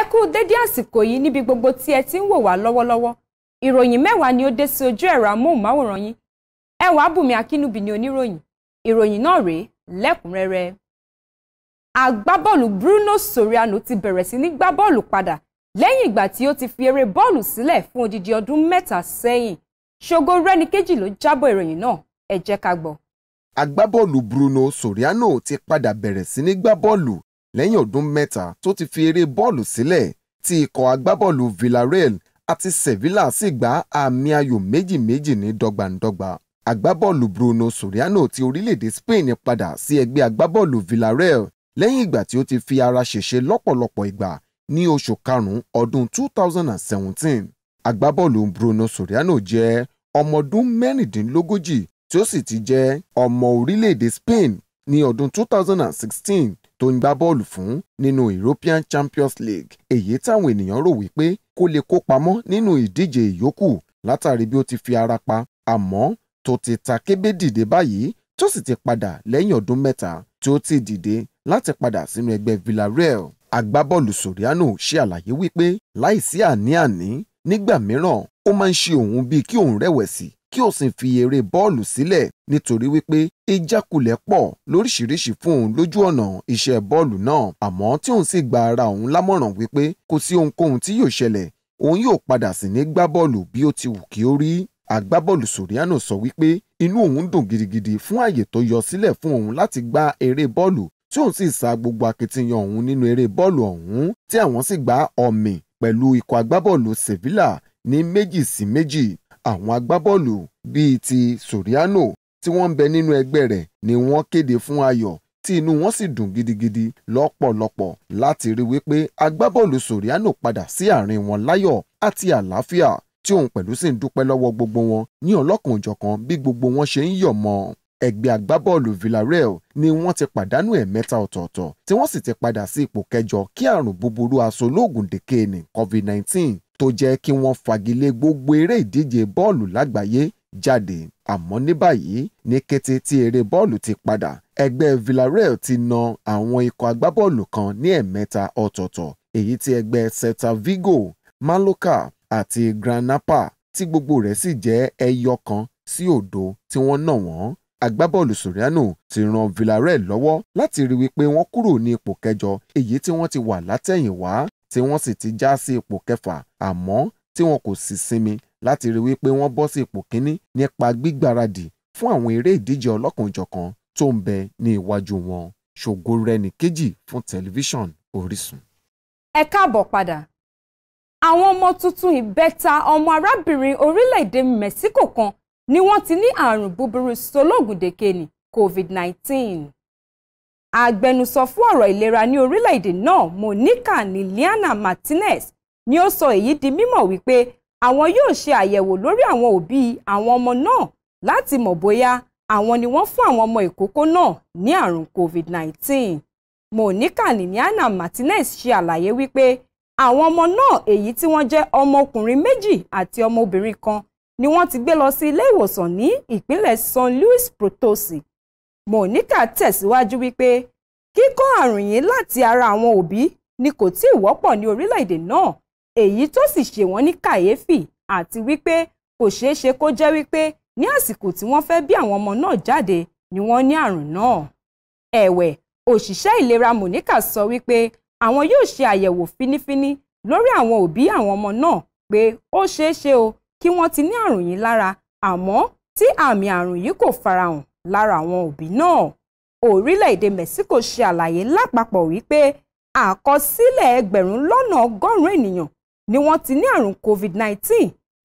ẹ kú dédé àsìkò yìí níbi gbogbo tí ẹ ti ń wò wá lọ́wọ́lọ́wọ́ ìròyìn mẹ́wàá ni ó dé sí ojú ẹ̀rọ amóhùnmáwòrán yín ẹwà bùnmi akínúbì ni oníròyìn ìròyìn náà rèé lẹ́kùnrẹ́rẹ́ agbábọ́ọ̀lù Bruno Soriano ti bẹ̀rẹ̀ sí ní gbá bọ́ọ̀lù padà lẹ́yìn ìgbà tí ó ti fi eré bọ́ọ̀lù sílẹ̀ fún odidi ọdún mẹ́ta sẹ́yìn ṣògo rẹ́nikejì ló jábọ̀ ìròyìn náà ẹ jẹ́ ká gbọ́. agbábọ́ọ̀lù Bruno Soriano ti padà bẹ̀rẹ̀ sí ní gbá bọ́ọ̀lù lẹ́yìn ọdún mẹ́ta tó ti fi eré bọ́ọ̀lù sílẹ̀ tí ikọ̀ agbábọ́ọ̀lù Villarreal àti Sevilla sì gba àmì ayò méjì-méjì ní dọ́gbandọ́gba agbábọ́ọ̀lù Bruno Soriano ti orílẹ̀-èdè Spain padà sí ẹgbẹ́ agbábọ́ọ̀lù Villarreal lẹ́yìn ìgbà tí ó ti fi ara ṣèṣe lọ́pọ̀lọpọ̀ ìgbà ní oṣù karùn-ún ọdún 2017 agbábọ́ọ̀lù Bruno Soriano jẹ́ ọmọ ọdún mẹ́rìndínlógójì tí ó sì ti jẹ́ ọmọ orílẹ̀-èdè Spain ní ọdún 2016 tó ń gbá bọ́ọ̀lù fún nínú European Champions League èyí táwọn ènìyàn rò wípé kó lè kó pamọ́ nínú ìdíje ìyókù látàrí bí ó ti fi ara pa àmọ́ tó ti ta kébé dìde báyìí tó sì ti padà lẹ́yìn ọdún mẹ́ta tí ó ti dìde láti padà sínú ẹgbẹ́ Villarreal agbábọ́ọ̀lù Soriano ṣe àlàyé wípé láìsí àní-àní nígbà mìíràn ó máa ń ṣe òun bíi kí òun rẹ̀wẹ̀sì kí ó sì fi eré bọ́ọ̀lù sílẹ̀ nítorí wípé ìjákulẹ̀ pọ̀ lóríṣiríṣi fún òun lójú ọ̀nà iṣẹ́ bọ́ọ̀lù náà àmọ́ tí òun sì gba ara òun lámọ̀ràn wípé kò sí ohunkóhun tí yóò ṣẹlẹ̀ òun yóò padà sí ní gbá bọ́ọ̀lù bí ó ti wù kí ó rí agbábọ́ọ̀lù soriano sọ wípé inú òun dùn gidigidi fún àyè tó yọ sílẹ̀ fún òun láti gba eré bọ́ọ̀lù tí òun sì sa gbogbo akitiyan òun nínú eré bọ́ọ̀lù ọ̀hún tí àwọn sì gba ọ̀mì pẹ̀lú ikọ̀ agbábọ́ọ̀lù Sevilla ní méjì sí méjì àwọn agbábọ́ọ̀lù bíi ti Soriano tí wọ́n ń bẹ nínú ẹgbẹ́ rẹ̀ ni wọ́n kéde fún ayọ̀ tí inú wọn sì dùn gidigidi lọ́pọ̀lọpọ̀ láti rí wípé agbábọ́ọ̀lù Soriano padà sí àárín wọn láyọ̀ àti àlàáfíà tí òun pẹ̀lú sì ń dúpẹ́ lọ́wọ́ gbogbo wọn ní ọlọ́kan-ò-jọ̀kan bí gbogbo wọn ṣe ń yọ̀ mọ́ ẹgbẹ́ agbábọ́ọ̀lù Villarreal ni wọ́n ti pàdánù ẹ̀mẹ́ta ọ̀tọ̀ọ̀tọ̀ tí wọ́n sì ti padà sí ipò kẹjọ kí àrùn búburú asolóògùndèké ni COVID-19 tó jẹ́ kí wọ́n fagilé gbogbo eré ìdíje bọ́ọ̀lù lágbàáyé jáde àmọ́ ní báyìí ní kété tí eré bọ́ọ̀lù ti padà ẹgbẹ́ Villarreal ti na àwọn ikọ̀ agbábọ́ọ̀lù kan ní ẹ̀mẹ́ta ọ̀tọ̀ọ̀tọ̀ èyí tí ẹgbẹ́ Celta Vigo Mallorca àti Granapa tí gbogbo rẹ̀ sì jẹ́ ẹyọ kan sí òdo tí wọ́n nà wọ́n agbábọ́ọ̀lù Soriano ti ran Villarreal lọ́wọ́ láti rí wípé wọ́n kúrò ní ipò kẹjọ èyí tí wọ́n ti wà látẹ̀yìnwá tí wọ́n sì ti já sí ipò kẹfà àmọ́ tí wọn kò sì sinmi láti rí wípé wọ́n bọ́ sí ipò kíní nípa gbígbáradì fún àwọn eré ìdíje ọlọ́kanòjọ̀kan tó ń bẹ ní iwájú wọn ṣògo rẹni kejì fún tẹlifíṣàn Orísun. ẹ káàbọ̀ padà àwọn ọmọ tuntun ìbẹ́ta ọmọ arábìnrin orílẹ̀-èdè Mẹ́síkò kan ni wọ́n ti ní àrùn búburú sológùndèkè ní covid-19. agbẹnusọ fún ọ̀rọ̀ ìlera ní orílẹ̀-èdè náà monica niliana martinez ni ó sọ èyí di mímọ̀ wípé àwọn yóò ṣe àyẹ̀wò lórí àwọn òbí àwọn ọmọ náà láti mọ̀ bóyá àwọn ni wọ́n fún àwọn ọmọ ìkókó náà ní àrùn covid-19. monica niliana martinez ṣe àlàyé wípé àwọn ọmọ náà èyí tí wọ́n jẹ́ ọmọkùnrin méjì àti ọmọbìnrin kan ni wọ́n ti gbé lọ sí ilé ìwòsàn ní ìpínlẹ̀ San Luis Potosi Monica tẹ̀síwájú wípé kíkó àrùn yìí láti ara àwọn òbí ni kò tí ì wọ́pọ̀ ní orílẹ̀-èdè náà èyí tó sì ṣe wọ́n ní kàyéfì àti wípé kò ṣeé ṣe kó jẹ́ wípé ní àsìkò tí wọ́n fẹ́ bí àwọn ọmọ náà jáde ni wọ́n ní àrùn náà. ẹ̀wẹ̀ òṣìṣẹ́ ìlera Monica sọ wípé àwọn yóò ṣe àyẹ̀wò fínífíní lórí àwọn òbí àwọn ọmọ náà pé ó ṣeé ṣe o kí wọ́n ti ní àrùn yìí lára àmọ́ tí àmì àrùn yìí kò farahàn lára àwọn òbí náà orílẹ̀-èdè Mexico ṣe àlàyé lápapọ̀ wípé àkọsílẹ̀ ẹgbẹ̀rún lọ́nà ọgọ́rùn-ún ènìyàn ni wọ́n ti ní àrùn COVID-19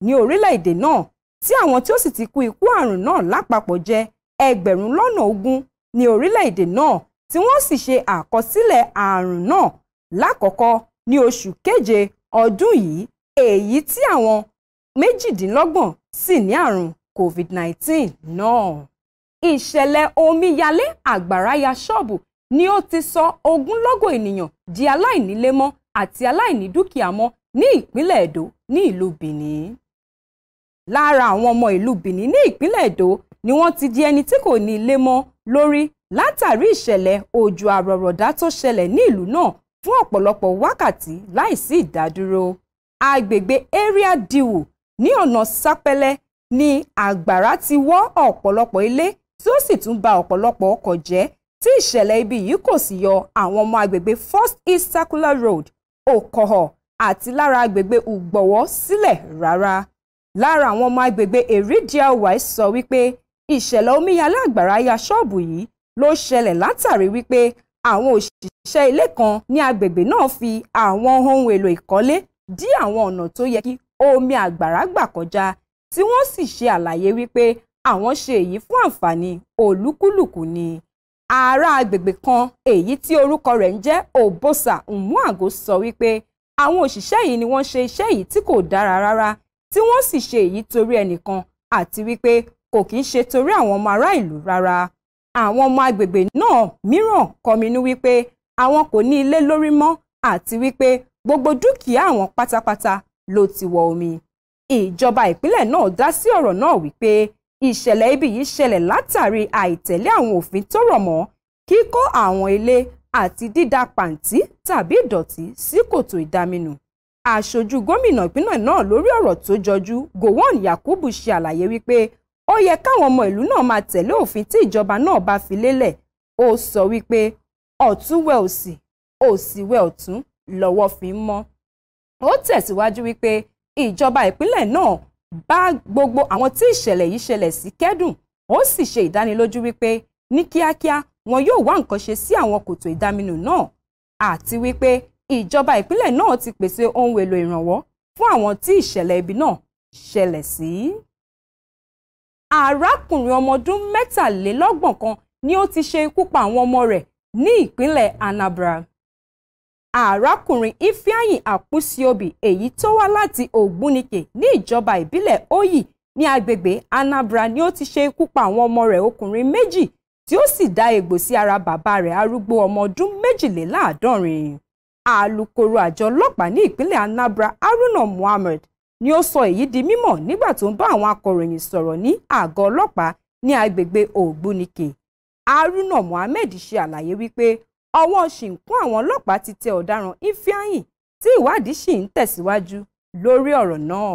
ní orílẹ̀-èdè náà tí àwọn tí ó sì ti kú ikú àrùn náà lápapọ̀ jẹ́ ẹgbẹ̀rún lọ́nà ogún ní orílẹ̀-èdè náà tí wọ́n sì ṣe àkọsílẹ̀ àrùn náà lákọ̀ọ́kọ́ ní oṣù keje ọdún yìí èyí tí àwọn méjìdínlọ́gbọ̀n sì ní àrùn COVID-19 náà. ìṣẹ̀lẹ̀ omíyalé àgbàrá ya ṣọ́ọ̀bù ni ó ti sọ ogúnlọ́gọ̀ ènìyàn di aláìnílé mọ́ àti aláìní dúkìá mọ́ ní ìpínlẹ̀ Èdó ní ìlú Benin. lára àwọn ọmọ ìlú Benin ní ìpínlẹ̀ Èdó ni wọ́n ti di ẹni tí kò ní ilé mọ́ lórí látàrí ìṣẹ̀lẹ̀ òjò àrọ̀rọ̀dá tó ṣẹlẹ̀ ní ìlú náà fún ọ̀pọ̀lọpọ̀ wákàtí láìsí ìdádúró. agbègbè area diwu ní ọ̀nà sápẹ́lẹ́ ni àgbàrá ti wọ́ ọ̀pọ̀lọpọ̀ ilé tí ó sì tún ba ọ̀pọ̀lọpọ̀ ọkọ̀ jẹ́ tí ìṣẹ̀lẹ̀ ibi yìí kò sì yọ àwọn ọmọ agbègbè First East Circular Road Okoho àti lára agbègbè Ùgbọ̀wọ́ sílẹ̀ rárá lára àwọn ọmọ agbègbè Èrìdìà Wise sọ wípé ìṣẹ̀lẹ̀ omíyalé àgbàrá ya ṣọ́ọ̀bù yìí ló ṣẹlẹ̀ látàrí wípé àwọn òṣìṣẹ́ ilé kan ní agbègbè náà fi àwọn ohun èlò ìkọ́lé dí àwọn ọ̀nà tó yẹ kí omi àgbàrá gbà kọjá tí wọ́n sì ṣe àlàyé wípé àwọn ṣe èyí fún àǹfààní olúkúlùkù ni ará agbègbè kan èyí tí orúkọ rẹ̀ ń jẹ́ Obosa Umuago sọ wípé àwọn òṣìṣẹ́ yìí ni wọ́n ṣe iṣẹ́ yìí tí kò dára rárá tí wọ́n sì ṣe èyí torí ẹnìkan àti wípé kò kì í ṣe torí àwọn ọmọ ará ìlú rárá àwọn ọmọ agbègbè náà mìíràn kọminú wípé àwọn kò ní ilé lórí mọ́ àti wípé gbogbo dúkìá àwọn pátápátá ló ti wọ omi ìjọba ìpínlẹ̀ náà dá sí ọ̀rọ̀ náà wípé ìṣẹ̀lẹ̀ ibi yìí ṣẹlẹ̀ látàrí àìtẹ̀lé àwọn òfin tó rọ̀ mọ́ kíkó àwọn ilé àti dídá pàǹtí tàbí ìdọ̀tí sí kòtò ìdaminù aṣojú gómìnà ìpínlẹ̀ náà lórí ọ̀rọ̀ tó jọjú gowon yakubu ṣe àlàyé wípé ó yẹ káwọn ọmọ ìlú náà máa tẹ̀lé òfin tí ìjọba náà bá fi lélẹ̀ ó sọ wípé ọ̀tún òsì òsì ọ̀tún lọ́wọ́ fi ń mọ́ ó tẹ̀síwájú wípé ìjọba ìpínlẹ̀ náà bá gbogbo àwọn tí ìṣẹ̀lẹ̀ yìí ṣẹlẹ̀ sí kẹ́dùn ó sì ṣe ìdánilójú wípé ní kíákíá wọn yóò wá nǹkan ṣe sí àwọn kòtò ìdaminù náà àti wípé ìjọba ìpínlẹ̀ náà ti pèsè ohun èlò ìrànwọ́ fún àwọn tí ìṣẹ̀lẹ̀ ibi náà ṣẹlẹ̀ sí. arákùnrin ọmọ ọdún mẹ́tàlélọ́gbọ̀n kan ni ó ti ṣe ikú pa àwọn ọmọ rẹ̀ ní ìpínlẹ̀ Anambra arákùnrin ifeanyi àkúsíobì èyí tó wá láti ògbúnike ní ìjọba ìbílẹ̀ oyì ní agbègbè anambra ni ó ti ṣe ikú pa àwọn ọmọ rẹ̀ ọkùnrin méjì tí ó sì dá egbò sí ara bàbá rẹ̀ arúgbó ọmọ ọdún méjìléláàádọ́rin alūkkóró àjọ ọlọ́pàá ní ìpínlẹ̀ anambra haruna muhammed ni ó sọ èyí di mímọ̀ nígbà tó ń bá àwọn akọ̀ròyìn sọ̀rọ̀ ní àgọ́ ọlọ́pàá ní agbègbè ògbúnike haruna muhammed ṣe àlàyé wípé ọwọ́ ṣìnkún àwọn ọlọ́pàá ti tẹ ọ̀daràn Ifeanyi tí ìwádìí sì ń tẹ̀síwájú lórí ọ̀rọ̀ náà.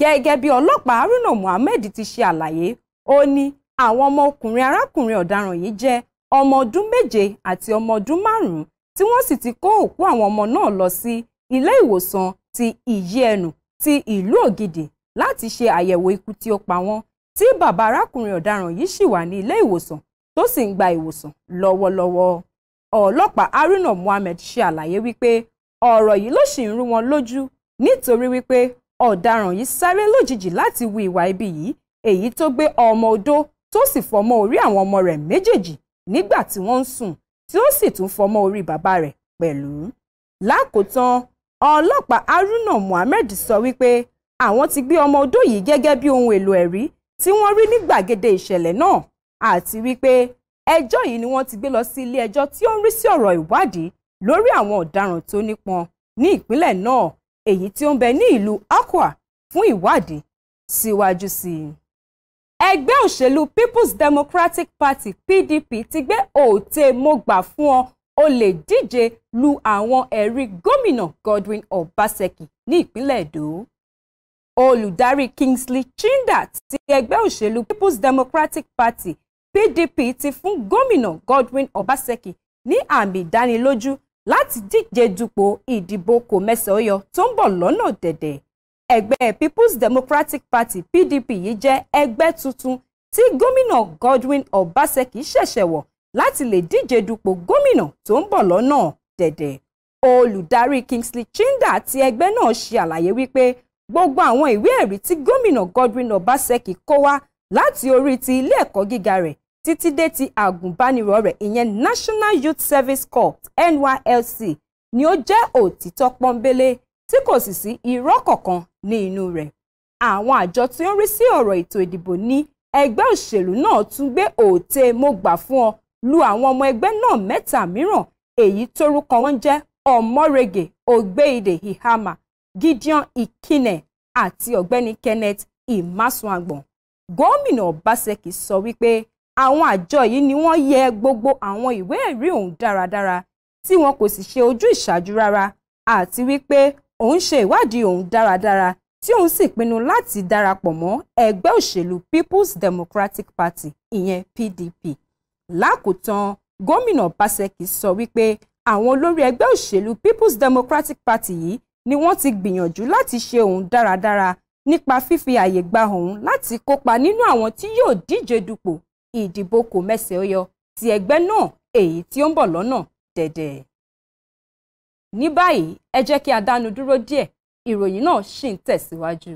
gẹ́gẹ́ bí ọlọ́pàá Haruna Muhammed ti ṣe àlàyé ó ní àwọn ọmọkùnrin arákùnrin ọ̀daràn yìí jẹ́ ọmọ ọdún méje àti ọmọ ọdún márùn-ún tí wọ́n sì ti kó òkú àwọn ọmọ náà lọ sí ilé ìwòsàn ti ìyí ẹnu ti ìlú Ògìdì láti ṣe àyẹ̀wò ikú tí ó pa wọ́n tí bàbá arákùnrin ọ̀daràn yìí sì wà ní ilé ìwòsàn tó sì ń gba ìwòsàn lọ́wọ́lọ́wọ́ ọlọ́pàá Haruna Mohammed ṣe àlàyé wípé ọ̀rọ̀ yìí ló sì ń rú wọn lójú nítorí wípé ọ̀daràn yìí sáré lójijì láti wu ìwà ibi yìí èyí tó gbé ọmọ odó tó sì fọmọ orí àwọn ọmọ rẹ̀ méjèèjì nígbà tí wọ́n ń sùn tí ó sì tún fọmọ orí bàbá rẹ̀ pẹ̀lú. lákòótán ọlọ́pàá Haruna Mohammed sọ wípé àwọn ti gbé ọmọ odó yìí gẹ́gẹ́ bí ohun èlò ẹ̀rí tí wọ́n rí ní gbàgede ìṣẹ̀lẹ̀ náà àti wípé ẹjọ́ yìí ni wọ́n ti gbé lọ sí ilé ẹjọ́ tí ó ń rí sí ọ̀rọ̀ ìwádìí lórí àwọn ọ̀daràn tó nípọn ní ìpínlẹ̀ náà èyí tí ó ń bẹ ní ìlú Akwa fún ìwádìí síwájú sí i. ẹgbẹ́ òṣèlú People's Democratic Party PDP ti gbé òòtè mo gbà fún ọ ó lè díje lu àwọn ẹ̀rí gómìnà Godwin Obaseki ní ìpínlẹ̀ Èdó olùdarí Kingsley Chinda ti ẹgbẹ́ òṣèlú People's Democratic Party PDP ti fún gómìnà Godwin Obaseki ní àmì ìdánilójú láti díje dupò ìdìbò kò mẹ́sàn-án-yọ tó ń bọ̀ lọ́nà dẹ̀dẹ̀ ẹgbẹ́ People's Democratic Party PDP yìí jẹ́ ẹgbẹ́ tuntun tí gómìnà Godwin Obaseki ṣẹ̀ṣẹ̀ wọ̀ láti lè díje dupò gómìnà tó ń bọ̀ lọ́nà dẹ̀dẹ̀ olùdarí Kingsley Chinda ti ẹgbẹ́ náà ṣe àlàyé wípé gbogbo àwọn ìwé ẹ̀rí tí gómìnà Godwin Obaseki kó wá láti orí ti ilé ẹ̀kọ́ gíga rẹ̀ títí dé ti àgùnbánirọ̀ rẹ̀ ìyẹn National Youth Service Corps (NYLC) ni ó jẹ́ òtítọ́ pọ́nbélé tí kò sì sí irọ́ kankan ní inú rẹ̀ àwọn àjọ tí ó ń rí sí ọ̀rọ̀ ètò ìdìbò ní ẹgbẹ́ òṣèlú náà tún gbé òòtè mo gbà fún ọ lu àwọn ọmọ ẹgbẹ́ náà mẹ́ta mìíràn èyí tórúkọ wọn jẹ́ ọmọrege ògbéìdè ihama gideon ikine àti ọ̀gbẹ́ni kenneth imasunagban gómìnà ọbaṣẹ́kì sọ wípé àwọn àjọ yìí ni wọ́n yẹ gbogbo àwọn ìwé ẹ̀rí òun dáradára tí wọn kò sì ṣe ojú ìṣàjú rárá àti wípé òun ṣe ìwádìí òun dáradára tí òun sì pinnu láti darapọ̀ mọ́ ẹgbẹ́ òṣèlú People's Democratic Party ìyẹn PDP lákòótán gómìnà Pásẹkì sọ wípé àwọn olórí ẹgbẹ́ òṣèlú People's Democratic Party yìí ni wọ́n ti gbìyànjú láti ṣe òun dáradára nípa fífi àyè gba òun láti kópa nínú àwọn tí yóò díje dupò ìdìbò kò mẹsẹ̀ ó yọ ti ẹgbẹ́ náà èyí tí ó ń bọ̀ lọ́nà dẹ̀dẹ̀. ní báyìí ẹ jẹ́ kí a dánu dúró díẹ̀ ìròyìn náà ṣì ń tẹ̀síwájú.